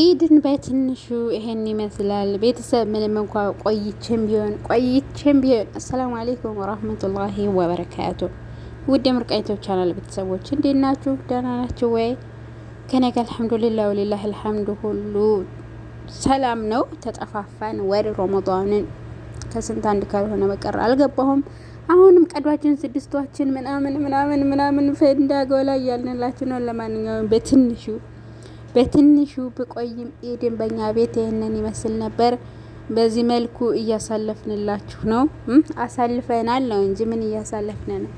ኢድን በትንሹ ይሄን ይመስላል። ቤተሰብ ምንም እንኳ ቆይቼም ቢሆን ቆይቼም ቢሆን አሰላሙ አሌይኩም ወራህመቱላሂ ወበረካቱ። ውድ ምርቃይቶች ቻናል ቤተሰቦች እንዴት ናችሁ? ደህና ናችሁ ወይ? ከነገ አልሐምዱሊላህ ወሊላህ አልሐምዱ ሁሉ ሰላም ነው። ተጠፋፋን። ወር ሮመዳንን ከስንት አንድ ካልሆነ በቀር አልገባሁም። አሁንም ቀዷችን ስድስቷችን ምናምን ምናምን ምናምን ፈንዳገው ላይ ያልንላችሁ ነው። ለማንኛውም በትንሹ በትንሹ ብቆይም የደንበኛ ቤት ይህንን ይመስል ነበር። በዚህ መልኩ እያሳለፍንላችሁ ነው። አሳልፈናል ነው እንጂ ምን እያሳለፍን ነው?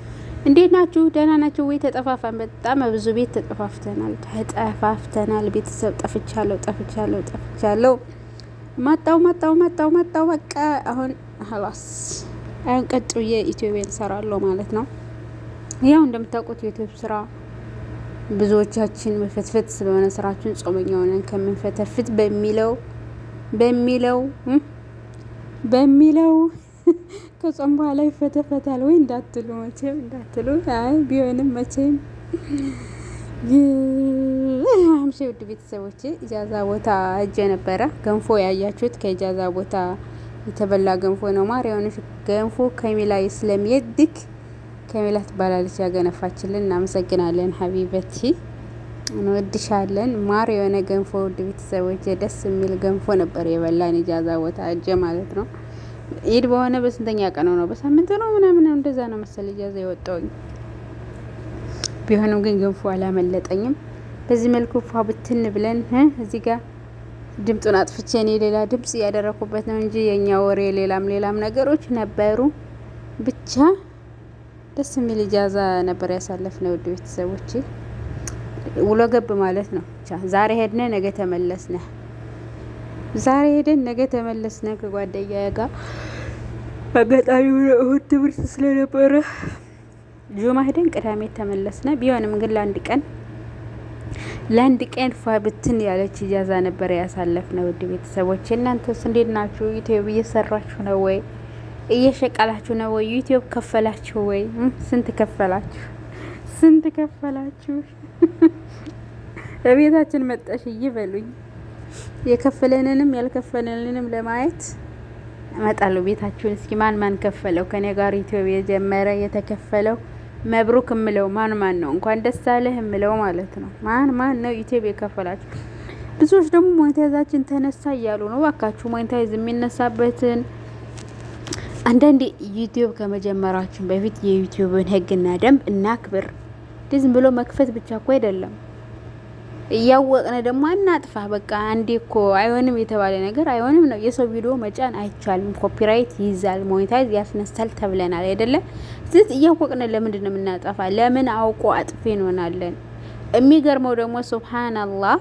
እንዴት ናችሁ? ደህና ናችሁ ወይ? ተጠፋፋን። በጣም ብዙ ቤት ተጠፋፍተናል፣ ተጠፋፍተናል። ቤተሰብ ጠፍቻለሁ፣ ጠፍቻለሁ፣ ጠፍቻለሁ። ማጣው ማጣው ማጣው ማጣው። በቃ አሁን ሀላስ አሁን ቀጥ ብዬ ኢትዮጵያ ማለት ነው። ያው እንደምታውቁት የዩቲዩብ ስራ ብዙዎቻችን መፈትፈት ስለሆነ ስራችን ጾመኛ ሆነን ከምንፈተፍት በሚለው በሚለው በሚለው ከጾም በኋላ ይፈተፈታል ወይ እንዳትሉ መቼም እንዳትሉ። አይ ቢሆንም መቼም ሀምሳ ውድ ቤተሰቦቼ ኢጃዛ ቦታ እጀ ነበረ። ገንፎ ያያችሁት ከኢጃዛ ቦታ የተበላ ገንፎ ነው። ማርያውንሽ ገንፎ ከሚላይ ስለሚየድክ ከሜላ ትባላለች ያገነፋችልን። እናመሰግናለን ሀቢበቲ እንወድሻለን። ማር የሆነ ገንፎ ውድ ቤተሰቦች ደስ የሚል ገንፎ ነበር የበላን ኢጃዛ ቦታ እጀ ማለት ነው። ኢድ በሆነ በስንተኛ ቀን ነው? በሳምንት ነው ምናምን እንደዛ ነው መሰል ኢጃዛ የወጣውኝ። ቢሆንም ግን ገንፎ አላመለጠኝም። በዚህ መልኩ ፏ ብትን ብለን እዚህ ጋር ድምፁን አጥፍቼ እኔ ሌላ ድምፅ እያደረኩበት ነው እንጂ የእኛ ወሬ ሌላም ሌላም ነገሮች ነበሩ ብቻ ደስ የሚል ኢጃዛ ነበር ያሳለፍነው። ውድ ቤተሰቦች። ውሎ ገብ ማለት ነው። ዛሬ ሄድነ ነገ ተመለስነ፣ ዛሬ ሄደን ነገ ተመለስነ ከጓደኛዬ ጋር አጋጣሚ እሁድ ትምህርት ስለነበረ ጁማ ሄደን ቅዳሜ ተመለስነ። ቢሆንም ግን ለአንድ ቀን ለአንድ ቀን ፏ ብትን ያለች እጃዛ ነበር ያሳለፍነው። ውድ ቤተሰቦች። እናንተስ እንዴት ናችሁ? ኢትዮ እየሰራችሁ ነው ወይ? እየሸቀላችሁ ነው ወይ? ዩቲዩብ ከፈላችሁ ወይ? ስንት ከፈላችሁ? ስንት ከፈላችሁ? በቤታችን መጣሽ ይበሉኝ። የከፈለንንም ያልከፈለንንም ለማየት እመጣለሁ ቤታችሁን። እስኪ ማን ማን ከፈለው ከኔ ጋር ዩቲዩብ የጀመረ የተከፈለው መብሩክ እምለው ማን ማን ነው? እንኳን ደስ አለህ እምለው ማለት ነው። ማን ማን ነው ዩቲዩብ የከፈላችሁ? ብዙዎች ደግሞ ሞኔታይዛችን ተነሳ እያሉ ነው። እባካችሁ ሞኔታይዝ የሚነሳበትን አንዳንዴ ዩቲዩብ ከመጀመራችን በፊት የዩቲዩብን ህግና ደንብ እናክብር። ዝም ብሎ መክፈት ብቻ እኮ አይደለም፣ እያወቅነ ደግሞ እናጥፋ። በቃ አንዴ እኮ አይሆንም የተባለ ነገር አይሆንም ነው። የሰው ቪዲዮ መጫን አይቻልም፣ ኮፒራይት ይይዛል፣ ሞኔታይዝ ያስነሳል ተብለናል አይደለም? ስለዚህ እያወቅነ ለምንድን ነው የምናጠፋ? ለምን አውቆ አጥፌ እንሆናለን። የሚገርመው ደግሞ ሱብሃናላህ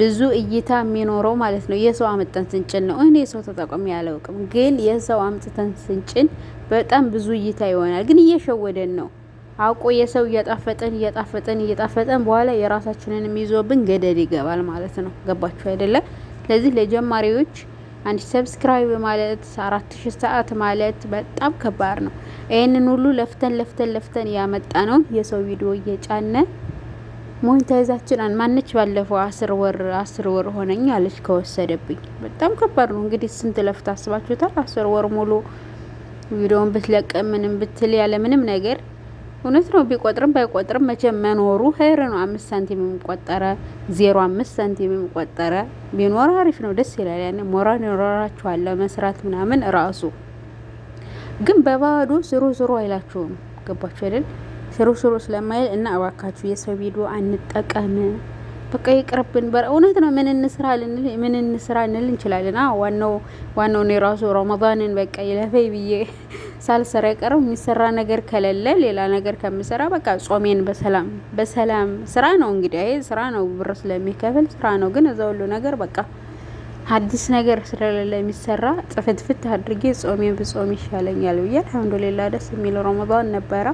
ብዙ እይታ የሚኖረው ማለት ነው። የሰው አምጥተን ስንጭን ነው። እኔ የሰው ተጠቅሜ አላውቅም፣ ግን የሰው አምጥተን ስንጭን በጣም ብዙ እይታ ይሆናል። ግን እየሸወደን ነው አውቆ የሰው እያጣፈጠን እያጣፈጠን እየጣፈጠን በኋላ የራሳችንን የሚይዞብን ገደል ይገባል ማለት ነው። ገባችሁ አይደለም? ስለዚህ ለጀማሪዎች አንድ ሰብስክራይብ ማለት አራት ሺ ሰዓት ማለት በጣም ከባድ ነው። ይህንን ሁሉ ለፍተን ለፍተን ለፍተን ያመጣ ነው የሰው ቪዲዮ እየጫነ ሞኒታይዛችን ማነች ባለፈው አስር ወር አስር ወር ሆነኝ አለች ከወሰደብኝ። በጣም ከባድ ነው እንግዲህ ስንት ለፍት አስባችሁታል። አስር ወር ሙሉ ቪዲዮን ብትለቅ ምንም ብትል ያለ ምንም ነገር እውነት ነው። ቢቆጥርም ባይቆጥርም መቼም መኖሩ ኸይር ነው። አምስት ሳንቲም የሚቆጠረ ዜሮ አምስት ሳንቲም የሚቆጠረ ቢኖር አሪፍ ነው፣ ደስ ይላል። ያን ሞራል ይኖራችኋል ለመስራት ምናምን ራሱ ግን በባዶ ስሩ ስሩ አይላችሁም። ገባችሁ አይደል? ሽሮ ሽሮ ስለማይል እና እባካችሁ የሰው ቪዲዮ አንጠቀም። በቃ ይቅርብን። እውነት ነው። ምን እንስራ ልንል ምን እንስራ እንል እንችላለን። ዋናው ዋናው ነው የራሱ ረመዳንን በቃ ይለፈይ ብዬ ሳልሰራ የቀረው የሚሰራ ነገር ከሌለ ሌላ ነገር ከምሰራ በቃ ጾሜን በሰላም በሰላም ስራ ነው እንግዲህ አይ ስራ ነው፣ ብር ስለሚከፍል ስራ ነው። ግን እዛ ሁሉ ነገር በቃ አዲስ ነገር ስለሌለ የሚሰራ ጽፍትፍት አድርጌ ጾሜን ብጾም ይሻለኛል ብዬ አልሐምዱሊላ ደስ የሚል ረመዳን ነበረ።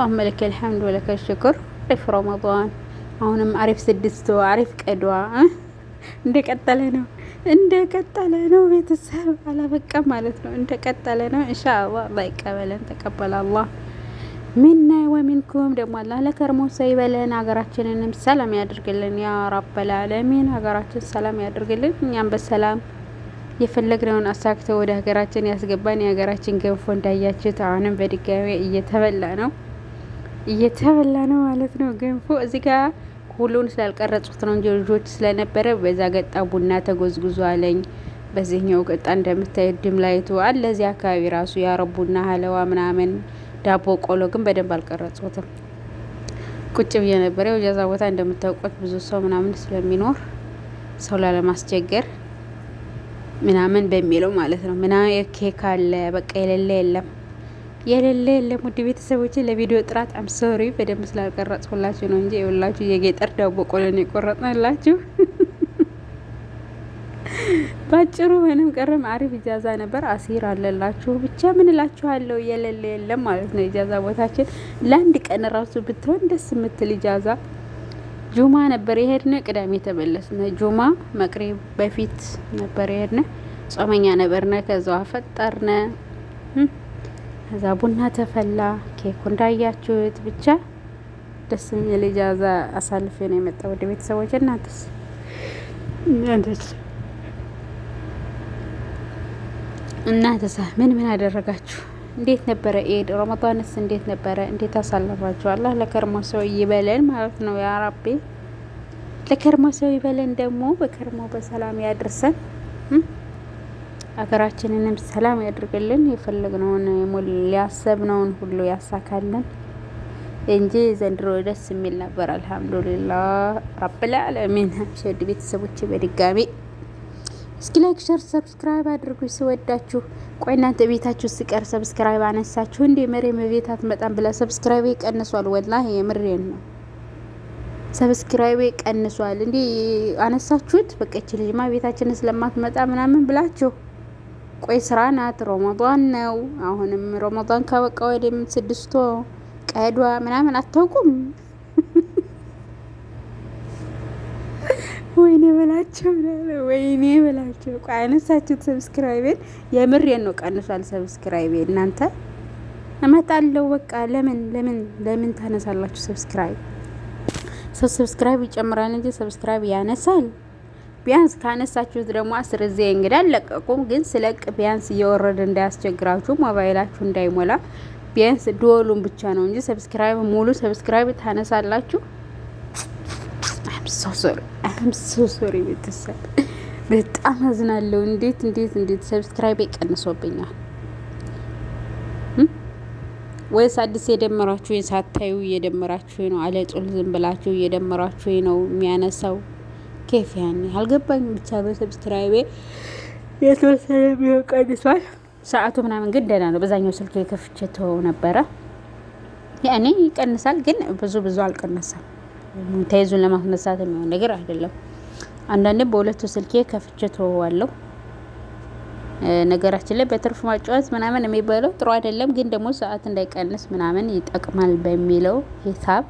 አላሁመ ለከል ሐምድ ወለከል ሽኩር አሪፍ ረመዳን። አሁንም አሪፍ ስድስቶ አሪፍ ቀድዋ እንደቀጠለ ነው እንደቀጠለ ነው። ቤተሰብ አላበቃም ማለት ነው። እንደቀጠለ ነው። ኢንሻአላህ አላህ ይቀበለን። ተቀበለ አላህ ሚና ወሚንኩም። ደግሞ አላህ ለከርሞ ሳይበለን ሀገራችንንም ሰላም ያድርግልን ያ ረበል ዓለሚን። ሀገራችን ሰላም ያድርግልን። እኛም በሰላም የፈለግነውን አሳክተው ወደ ሀገራችን ያስገባን። የሀገራችን ገንፎ እንዳያችሁት አሁንም በድጋሚ እየተበላ ነው። እየተበላ ነው ማለት ነው ገንፎ። እዚህ ጋ ሁሉን ስላልቀረጹት ነው እንጂ ልጆች ስለነበረ በዛ ገጣ ቡና ተጎዝጉዞ አለኝ። በዚህኛው ገጣ ድም ድምላይቱ አለ። እዚህ አካባቢ ራሱ የአረብ ቡና ሀለዋ ምናምን ዳቦ ቆሎ ግን በደንብ አልቀረጹትም። ቁጭ ብዬ ነበረ። የጃዛ ቦታ እንደምታውቁት ብዙ ሰው ምናምን ስለሚኖር ሰው ላለማስቸገር ምናምን በሚለው ማለት ነው ምናምን ኬክ አለ በቃ የሌለ የለም። የሌለ የለም። ውድ ቤተሰቦች ለቪዲዮ ጥራት ሶሪ በደንብ ስላልቀረጽኩላችሁ ነው እንጂ የሁላችሁ የጌጠር ዳቦ ቆሎን የቆረጥንላችሁ ባጭሩ ምንም ቀረም አሪፍ ኢጃዛ ነበር። አሲር አለላችሁ ብቻ ምን እላችኋለሁ፣ የሌለ የለም ማለት ነው። ኢጃዛ ቦታችን ለአንድ ቀን ራሱ ብትሆን ደስ የምትል ኢጃዛ ጁማ ነበር የሄድነ። ቅዳሜ ተመለስነ። ጁማ መቅሪብ በፊት ነበር የሄድነ። ጾመኛ ነበርነ። ከዛዋ ፈጠርነ ከዛ ቡና ተፈላ። ኬኩ እንዳያችሁት ብቻ ደስ የሚል ኢጃዛ አሳልፌ ነው የመጣው። ወደ ቤተሰቦች። እናንተስ እናንተሳ ምን ምን አደረጋችሁ? እንዴት ነበረ ኤድ ረመዳንስ እንዴት ነበረ? እንዴት አሳለፋችሁ? አላህ ለከርሞ ሰው ይበለን ማለት ነው። ያ ረቢ ለከርሞ ሰው ይበለን ደግሞ በከርሞ በሰላም ያድርሰን። ሀገራችንንም ሰላም ያድርግልን። የፈለግነውን ሊያሰብነውን ሁሉ ያሳካልን እንጂ ዘንድሮ ደስ የሚል ነበር። አልሐምዱሊላ ረብል ሸድ ቤተሰቦች በድጋሚ እስኪ ላይክ፣ ሸር፣ ሰብስክራይብ አድርጉ ስወዳችሁ። ቆይ እናንተ ቤታችሁ ስቀር ሰብስክራይብ አነሳችሁ እንዴ? መሬም ቤት አትመጣም ብላ ሰብስክራይብ ቀንሷል። ወላሂ የምሬን ነው። ሰብስክራይብ ቀንሷል እንዴ? አነሳችሁት። በቃ ይቺ ልጅማ ቤታችን ስለማትመጣ ምናምን ብላችሁ ቆይ ስራ ናት፣ ሮመዷን ነው። አሁንም ሮመዷን ካበቃ ወደ ስድስቶ ቀዷ ምናምን አታውቁም። ወይኔ በላቸው ወይኔ በላቸው። ቆይ አነሳችሁት ሰብስክራይቤን፣ የምሬን ነው ቀንሷል ሰብስክራይቤ። እናንተ እመጣለሁ በቃ። ለምን ለምን ለምን ታነሳላችሁ ሰብስክራይብ? ሰብስክራይብ ይጨምራል እንጂ ሰብስክራይብ ያነሳል ቢያንስ ካነሳችሁት ደግሞ አስር ጊዜ እንግዲህ አልለቀቁም፣ ግን ስለቅ ቢያንስ እየወረደ እንዳያስቸግራችሁ ሞባይላችሁ እንዳይሞላ ቢያንስ ዶሉን ብቻ ነው እንጂ ሰብስክራይብ ሙሉ ሰብስክራይብ ታነሳላችሁ። ሶሶሪ ቤተሰብ በጣም አዝናለሁ። እንዴት እንዴት እንዴት ሰብስክራይብ ይቀንሶብኛል ወይስ አዲስ የደመራችሁ ሳታዩ እየደመራችሁ ነው? አለጡል ዝም ብላችሁ እየደመራችሁ ነው የሚያነሳው ኬፍ ያኔ አልገባኝም። ብቻ በሰብስክራይቤ የተወሰነ ቢሆን ቀንሷል። ሰዓቱ ምናምን ግን ደህና ነው። በዛኛው ስልክ የከፍቼ ነበረ። ያኔ ይቀንሳል፣ ግን ብዙ ብዙ አልቀነሰም። ተይዙን ለማስነሳት የሚሆን ነገር አይደለም። አንዳንዴ በሁለቱ ስልኬ ከፍቼ ተወዋለሁ። ነገራችን ላይ በትርፍ ማጫወት ምናምን የሚባለው ጥሩ አይደለም፣ ግን ደግሞ ሰዓት እንዳይቀንስ ምናምን ይጠቅማል በሚለው ሂሳብ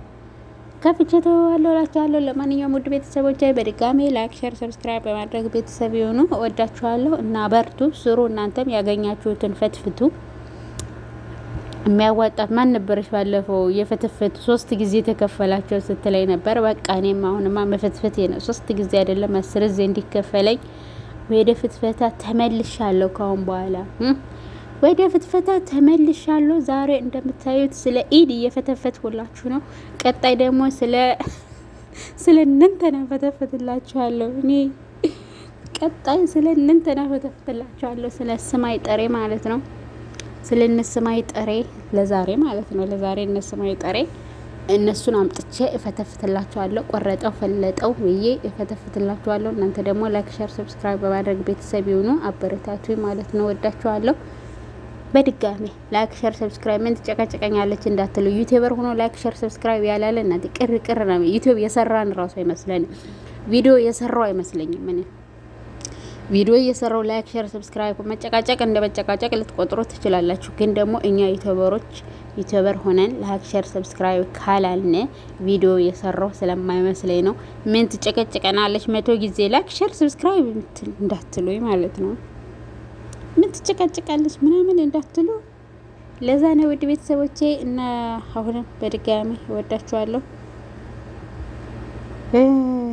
ከፍቼቶ አለው እላችኋለሁ። ለማንኛውም ውድ ቤተሰቦች በድጋሚ ላይክ፣ ሸር፣ ሰብስክራይብ በማድረግ ቤተሰብ የሆኑ እወዳችኋለሁ እና በርቱ፣ ስሩ። እናንተም ያገኛችሁትን ፈትፍቱ። የሚያዋጣት ማን ነበረች? ባለፈው የፈትፍት ሶስት ጊዜ የተከፈላቸው ስትላይ ነበር። በቃ እኔም አሁንማ መፈትፈት ነው። ሶስት ጊዜ አይደለም አስር ጊዜ እንዲከፈለኝ ወደ ፍትፈታ ተመልሻለሁ ካሁን በኋላ ወደ ፍትፈታ ተመልሻለሁ። ዛሬ እንደምታዩት ስለ ኢድ እየፈተፈትኩላችሁ ነው። ቀጣይ ደግሞ ስለ ስለ ነው ፈተፈትላችኋለሁ። እኔ ቀጣይ ስለ ነው ፈተፈትላችኋለሁ። ስለ ስማይ ጠሬ ማለት ነው። ስለ እነ ጠሬ ለዛሬ ማለት ነው። ለዛሬ እነ ጠሬ እነሱን አምጥቼ እፈተፍትላችኋለሁ። ቆረጠው ፈለጠው ብዬ እፈተፍትላችኋለሁ። እናንተ ደግሞ ላይክ፣ ሸር፣ ሰብስክራይብ በማድረግ ቤተሰብ ይሁኑ። አበረታቱ ማለት ነው። ወዳችኋለሁ። በድጋሚ ላይክ ሸር ሰብስክራይብ ምን ትጨቀጨቀኛለች እንዳትሉ። ዩቲዩበር ሆኖ ላይክ ሸር ሰብስክራይብ ያላለ እናቴ ቅር ቅር ነው። ዩቲዩብ የሰራን ራሱ አይመስለንም። ቪዲዮ የሰራው አይመስለኝም። ምን ቪዲዮ የሰራው ላይክ ሸር ሰብስክራይብ መጨቃጨቅ እንደ መጨቃጨቅ ልትቆጥሩ ትችላላችሁ። ግን ደግሞ እኛ ዩቲዩበሮች ዩቲዩበር ሆነን ላይክ ሸር ሰብስክራይብ ካላልነ ቪዲዮ የሰራው ስለማይመስለኝ ነው። ምን ትጨቀጨቀናለች? መቶ ጊዜ ላይክ ሸር ሰብስክራይብ እንዳትሉኝ ማለት ነው። ምን ትጨቃጨቃለች ምናምን እንዳትሉ ለዛ ነው ውድ ቤተሰቦቼ። እና አሁንም በድጋሚ እወዳችኋለሁ።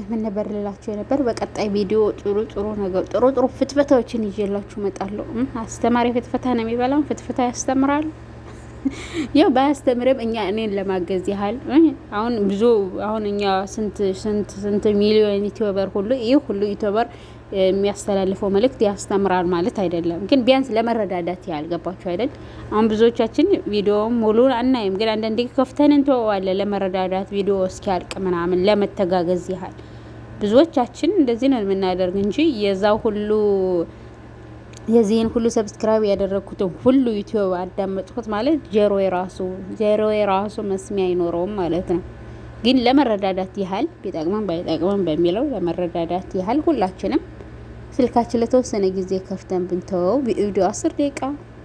ምን ነበር ልላችሁ የነበር? በቀጣይ ቪዲዮ ጥሩ ጥሩ ነገር ጥሩ ጥሩ ፍትፈታዎችን ይዤላችሁ እመጣለሁ። አስተማሪ ፍትፈታ ነው የሚበላው፣ ፍትፈታ ያስተምራል። ያው ባያስተምርም እኛ እኔን ለማገዝ ያህል አሁን ብዙ አሁን እኛ ስንት ስንት ስንት ሚሊዮን ዩቲዩበር ሁሉ ይህ ሁሉ ዩቲዩበር የሚያስተላልፈው መልእክት ያስተምራል ማለት አይደለም፣ ግን ቢያንስ ለመረዳዳት ያልገባችሁ አይደል? አሁን ብዙዎቻችን ቪዲዮውን ሙሉ አናይም፣ ግን አንዳንድ ከፍተን እንተወዋለን ለመረዳዳት ቪዲዮ እስኪያልቅ ምናምን ለመተጋገዝ ያህል። ብዙዎቻችን እንደዚህ ነው የምናደርግ እንጂ የዛ ሁሉ የዚህን ሁሉ ሰብስክራይብ ያደረግኩትን ሁሉ ዩቲዩብ አዳመጥኩት ማለት ጀሮ የራሱ ጀሮ የራሱ መስሚያ አይኖረውም ማለት ነው። ግን ለመረዳዳት ያህል ቢጠቅመን ባይጠቅመን በሚለው ለመረዳዳት ያህል ሁላችንም ስልካችን ለተወሰነ ጊዜ ከፍተን ብንተወው ቪዲዮ አስር ደቂቃ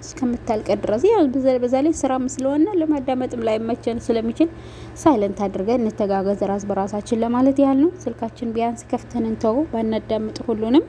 እስከምታልቀ ድረስ ያው በዛ ላይ ስራም ስለሆነ ለማዳመጥም መቸን ስለሚችል ሳይለንት አድርገን እንተጋገዝ ራስ በራሳችን ለማለት ያህል ነው። ስልካችን ቢያንስ ከፍተን እንተወው ባናዳምጥ ሁሉንም